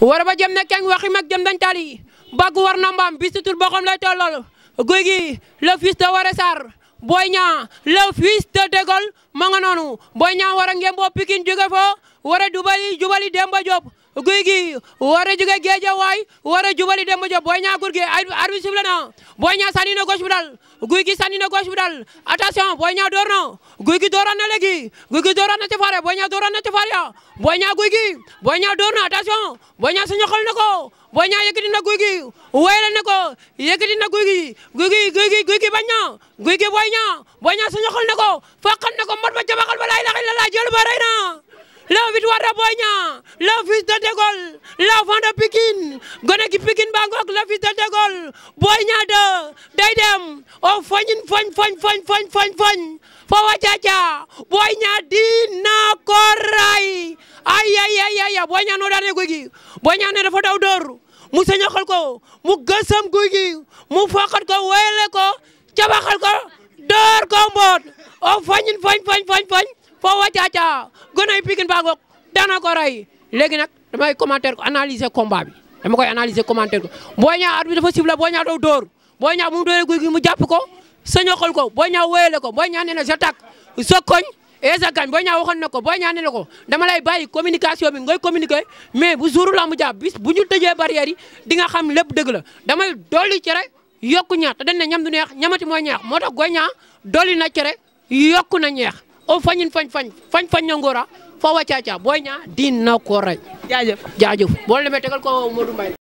wara ba jëm ne keng waxi mag jëm dañ tali baggu war na mbaam bisitul boxam lay tollol guy gi le fils de Woré Sarr Boy Niang le fils de De Gaulle ma nga noonu Boy Niang war a ngemboo Pikine jóge fo war a jubali jubali Demba Diop guy gi war a jóge géejawaay war a jubali dem ba jóg Boy Niang Gouye Gui arbitre sifflé na Boy Niang sànni na gauche bi dal Gouye Gui sànni na gauche bi dal attention Boy Niang door na Gouye Gui dooran na léegi Gouye Gui dooran na ci faare Boy Niang dooran na ci faare ya Boy Niang Gouye Gui Boy Niang door na attention Boy na ko Boy Niang yëkkati na Gouye Gui wéyal na ko yëkkati na Gouye Gui Gouye Gui Gouye na Gouye Gui na ko faqal na ko mot ba jabaxal ba lay laxil la laa jël ba na la victoire de Boy Niang la fils de De Gaulle gone gi ba ngoog la fils de De Gaulle Boy Niang foñin foñ foñ foñ foñ foñ foñ fa wa caca Boy Niang dina ko ray ay ay ay ay Boy Niang foo wacaaca gonay Pikine baa ngoog dana ko rey léegi nag damay commentaire ko analyser dama koy analyser commentaire ko Boy Niang arbitre dafa siffler Boy Niang daw dóor Boy Niang mu dóoree guy mu jàpp ko sañoxal ko booy Niang wéyale ko Boy Niang nee na j'attaque sa koñ et sa gañ Boy Niang waxoon na ko booy Niang nee ko dama lay bàyyi communication bi ngay communiquer mais bu suuru la mu jàpp bis bu ñu tëjee barrière yi di nga xam lépp dëgg la damay dolli cere yokku ñaax te dañ ne ñam du neex ñamati mooy ñeex moo tax Boy Niang dolli na cere yokku na ñeex o fañin fañ fañ fañ fañño ngora fawa caca booy Niang dina na rey jaajëf jaajëf boo demee tegal ko Modou Mbaye